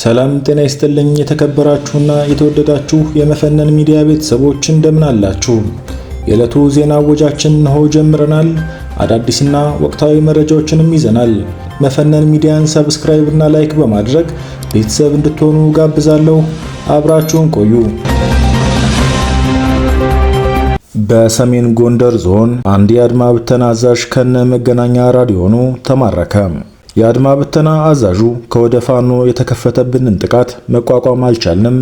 ሰላም ጤና ይስጥልኝ። የተከበራችሁና የተወደዳችሁ የመፈነን ሚዲያ ቤተሰቦች እንደምን አላችሁ? የዕለቱ ዜና እወጃችን እንሆ ጀምረናል። አዳዲስና ወቅታዊ መረጃዎችንም ይዘናል። መፈነን ሚዲያን ሰብስክራይብ እና ላይክ በማድረግ ቤተሰብ እንድትሆኑ ጋብዛለሁ። አብራችሁን ቆዩ። በሰሜን ጎንደር ዞን አንድ የአድማ ብተና አዛዥ ከነ መገናኛ ራዲዮኑ ተማረከ። የአድማ ብተና አዛዡ ከወደ ፋኖ የተከፈተብንን ጥቃት መቋቋም አልቻልንም፣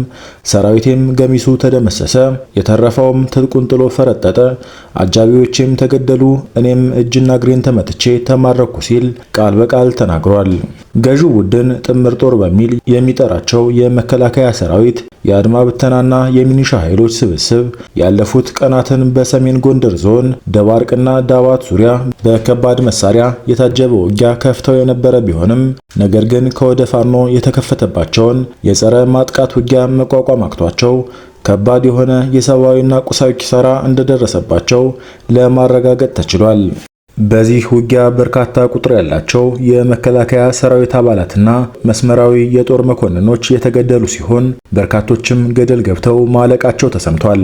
ሰራዊቴም ገሚሱ ተደመሰሰ፣ የተረፈውም ትጥቁን ጥሎ ፈረጠጠ፣ አጃቢዎቼም ተገደሉ፣ እኔም እጅና እግሬን ተመትቼ ተማረኩ ሲል ቃል በቃል ተናግሯል። ገዢው ቡድን ጥምር ጦር በሚል የሚጠራቸው የመከላከያ ሰራዊት የአድማ ብተናና የሚኒሻ ኃይሎች ስብስብ ያለፉት ቀናትን በሰሜን ጎንደር ዞን ደባርቅና ዳባት ዙሪያ በከባድ መሳሪያ የታጀበ ውጊያ ከፍተው የነበረ ቢሆንም ነገር ግን ከወደ ፋኖ የተከፈተባቸውን የጸረ ማጥቃት ውጊያ መቋቋም አቅቷቸው ከባድ የሆነ የሰብአዊና ቁሳዊ ኪሳራ እንደደረሰባቸው ለማረጋገጥ ተችሏል። በዚህ ውጊያ በርካታ ቁጥር ያላቸው የመከላከያ ሰራዊት አባላትና መስመራዊ የጦር መኮንኖች የተገደሉ ሲሆን በርካቶችም ገደል ገብተው ማለቃቸው ተሰምቷል።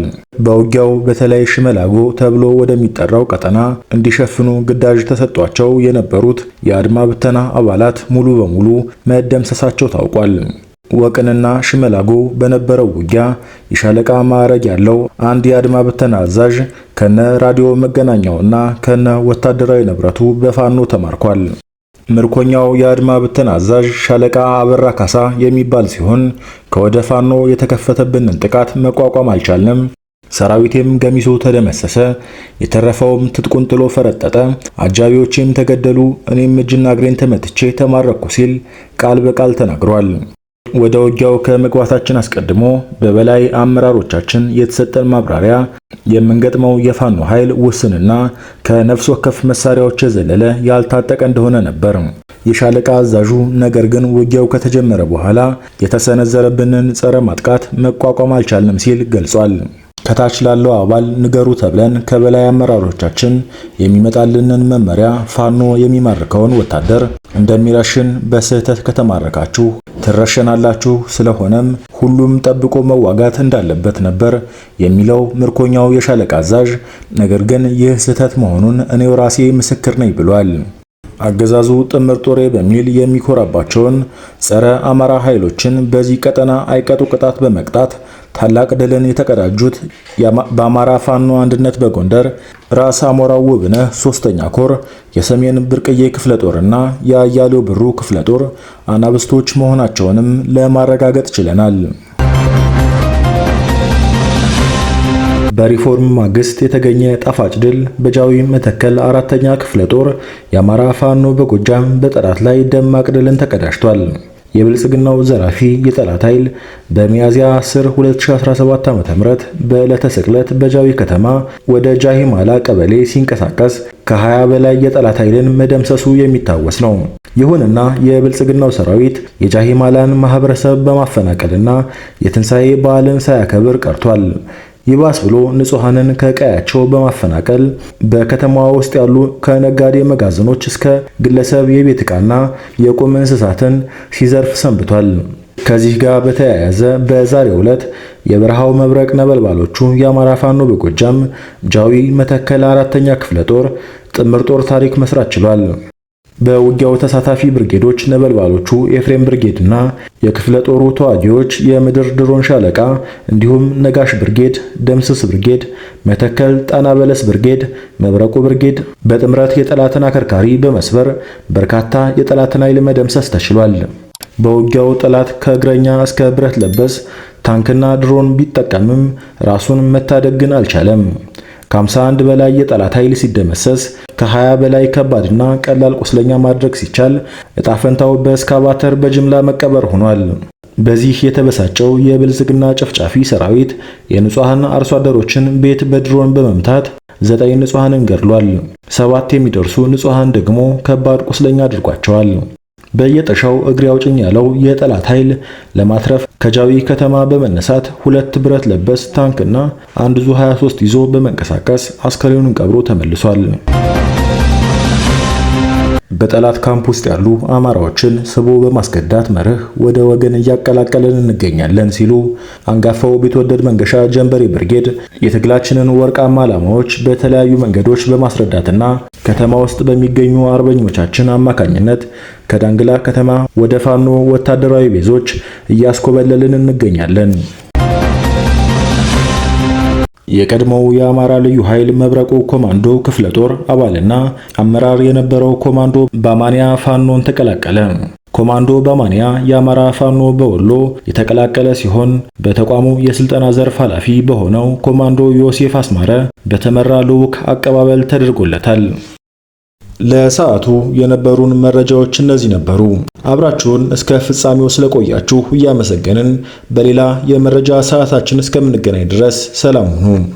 በውጊያው በተለይ ሽመላጎ ተብሎ ወደሚጠራው ቀጠና እንዲሸፍኑ ግዳጅ ተሰጥቷቸው የነበሩት የአድማ ብተና አባላት ሙሉ በሙሉ መደምሰሳቸው ታውቋል። ወቅንና ሽመላጎ በነበረው ውጊያ የሻለቃ ማዕረግ ያለው አንድ የአድማ ብተና አዛዥ ከነ ራዲዮ መገናኛውና ከነ ወታደራዊ ንብረቱ በፋኖ ተማርኳል። ምርኮኛው የአድማ ብተና አዛዥ ሻለቃ አበራ ካሳ የሚባል ሲሆን ከወደ ፋኖ የተከፈተብንን ጥቃት መቋቋም አልቻለም። ሰራዊቴም ገሚሱ ተደመሰሰ፣ የተረፈውም ትጥቁን ጥሎ ፈረጠጠ፣ አጃቢዎቼም ተገደሉ፣ እኔም እጅና እግሬን ተመትቼ ተማረኩ ሲል ቃል በቃል ተናግሯል። ወደ ውጊያው ከመግባታችን አስቀድሞ በበላይ አመራሮቻችን የተሰጠን ማብራሪያ የምንገጥመው የፋኖ ኃይል ውስንና ከነፍስ ወከፍ መሳሪያዎች የዘለለ ያልታጠቀ እንደሆነ ነበር። የሻለቃ አዛዡ ነገር ግን ውጊያው ከተጀመረ በኋላ የተሰነዘረብንን ጸረ ማጥቃት መቋቋም አልቻልንም ሲል ገልጿል። ከታች ላለው አባል ንገሩ ተብለን ከበላይ አመራሮቻችን የሚመጣልንን መመሪያ ፋኖ የሚማርከውን ወታደር እንደሚረሽን በስህተት ከተማረካችሁ ትረሸናላችሁ። ስለሆነም ሁሉም ጠብቆ መዋጋት እንዳለበት ነበር የሚለው ምርኮኛው የሻለቃ አዛዥ። ነገር ግን ይህ ስህተት መሆኑን እኔው ራሴ ምስክር ነኝ ብሏል። አገዛዙ ጥምር ጦሬ በሚል የሚኮራባቸውን ጸረ አማራ ኃይሎችን በዚህ ቀጠና አይቀጡ ቅጣት በመቅጣት ታላቅ ድልን የተቀዳጁት በአማራ ፋኖ አንድነት በጎንደር ራስ አሞራው ውብነህ ሶስተኛ ኮር የሰሜን ብርቅዬ ክፍለ ጦርና የአያሌው ብሩ ክፍለ ጦር አናብስቶች መሆናቸውንም ለማረጋገጥ ችለናል። በሪፎርም ማግስት የተገኘ ጣፋጭ ድል በጃዊ መተከል አራተኛ ክፍለ ጦር የአማራ ፋኖ በጎጃም በጠራት ላይ ደማቅ ድልን ተቀዳጅቷል። የብልጽግናው ዘራፊ የጠላት ኃይል በሚያዝያ 10 2017 ዓ.ም በዕለተ ስቅለት በጃዊ ከተማ ወደ ጃሂማላ ቀበሌ ሲንቀሳቀስ ከ20 በላይ የጠላት ኃይልን መደምሰሱ የሚታወስ ነው። ይሁንና የብልጽግናው ሰራዊት የጃሂማላን ማህበረሰብ በማፈናቀልና የትንሣኤ በዓልን ሳያከብር ቀርቷል። ይባስ ብሎ ንጹሐንን ከቀያቸው በማፈናቀል በከተማዋ ውስጥ ያሉ ከነጋዴ መጋዘኖች እስከ ግለሰብ የቤት ዕቃና የቁም እንስሳትን ሲዘርፍ ሰንብቷል። ከዚህ ጋር በተያያዘ በዛሬው ዕለት የበረሃው መብረቅ ነበልባሎቹ የአማራ ፋኖ በጎጃም ጃዊ መተከል አራተኛ ክፍለ ጦር ጥምር ጦር ታሪክ መስራት ችሏል። በውጊያው ተሳታፊ ብርጌዶች ነበልባሎቹ ኤፍሬም ብርጌድና የክፍለ ጦሩ ተዋጊዎች የምድር ድሮን ሻለቃ እንዲሁም ነጋሽ ብርጌድ፣ ደምስስ ብርጌድ፣ መተከል ጣና በለስ ብርጌድ፣ መብረቁ ብርጌድ በጥምረት የጠላትን አከርካሪ በመስበር በርካታ የጠላትን ኃይል መደምሰስ ተችሏል። በውጊያው ጠላት ከእግረኛ እስከ ብረት ለበስ ታንክና ድሮን ቢጠቀምም ራሱን መታደግን አልቻለም። ከ51 በላይ የጠላት ኃይል ሲደመሰስ ከ20 በላይ ከባድና ቀላል ቁስለኛ ማድረግ ሲቻል ዕጣ ፈንታው በእስካቫተር በጅምላ መቀበር ሆኗል። በዚህ የተበሳጨው የብልጽግና ጨፍጫፊ ሰራዊት የንጹሐን አርሶ አደሮችን ቤት በድሮን በመምታት ዘጠኝ ንጹሐንን ገድሏል። ሰባት የሚደርሱ ንጹሐን ደግሞ ከባድ ቁስለኛ አድርጓቸዋል። በየጠሻው እግሬ አውጭኝ ያለው የጠላት ኃይል ለማትረፍ ከጃዊ ከተማ በመነሳት ሁለት ብረት ለበስ ታንክና አንድ ዙ 23 ይዞ በመንቀሳቀስ አስከሬኑን ቀብሮ ተመልሷል። በጠላት ካምፕ ውስጥ ያሉ አማራዎችን ስቦ በማስገዳት መርህ ወደ ወገን እያቀላቀለን እንገኛለን ሲሉ አንጋፋው ቢትወደድ መንገሻ ጀንበሬ ብርጌድ የትግላችንን ወርቃማ ዓላማዎች በተለያዩ መንገዶች በማስረዳትና ከተማ ውስጥ በሚገኙ አርበኞቻችን አማካኝነት ከዳንግላ ከተማ ወደ ፋኖ ወታደራዊ ቤዞች እያስኮበለልን እንገኛለን። የቀድሞው የአማራ ልዩ ኃይል መብረቁ ኮማንዶ ክፍለ ጦር አባልና አመራር የነበረው ኮማንዶ በማንያ ፋኖን ተቀላቀለ። ኮማንዶ ባማንያ የአማራ ፋኖ በወሎ የተቀላቀለ ሲሆን በተቋሙ የስልጠና ዘርፍ ኃላፊ በሆነው ኮማንዶ ዮሴፍ አስማረ በተመራ ልዑክ አቀባበል ተደርጎለታል። ለሰዓቱ የነበሩን መረጃዎች እነዚህ ነበሩ። አብራችሁን እስከ ፍጻሜው ስለቆያችሁ እያመሰገንን በሌላ የመረጃ ሰዓታችን እስከምንገናኝ ድረስ ሰላም ሁኑ።